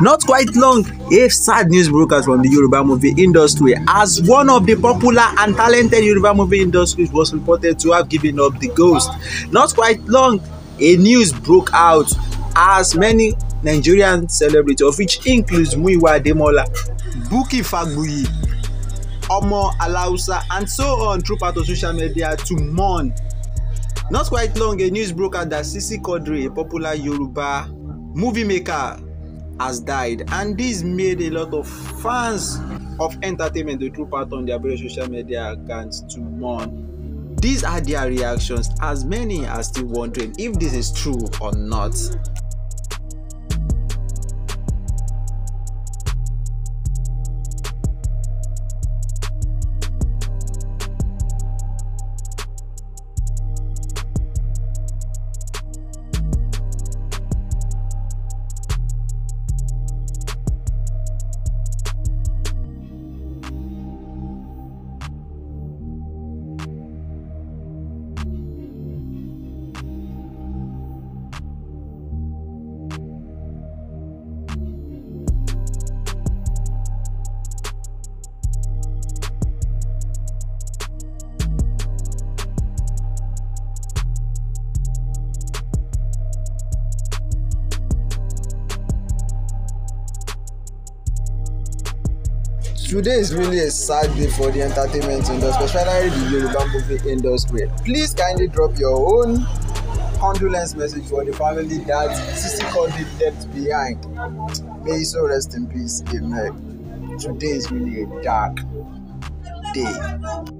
Not quite long, a sad news broke out from the Yoruba movie industry as one of the popular and talented Yoruba movie industries was reported to have given up the ghost. Not quite long, a news broke out as many Nigerian celebrities, of which includes Muyiwa Ademola, Buki Fagbuyi, Omo Alausa, and so on through part of social media to mourn. Not quite long, a news broke out that Sisi Quadri, a popular Yoruba movie maker has died and this made a lot of fans of entertainment the true part on their various social media accounts to mourn. These are their reactions as many are still wondering if this is true or not. Today is really a sad day for the entertainment industry, especially the Yoruba movie industry. Please kindly drop your own condolence message for the family that Sisi Quadri left behind. May he so rest in peace. Amen. Today is really a dark day.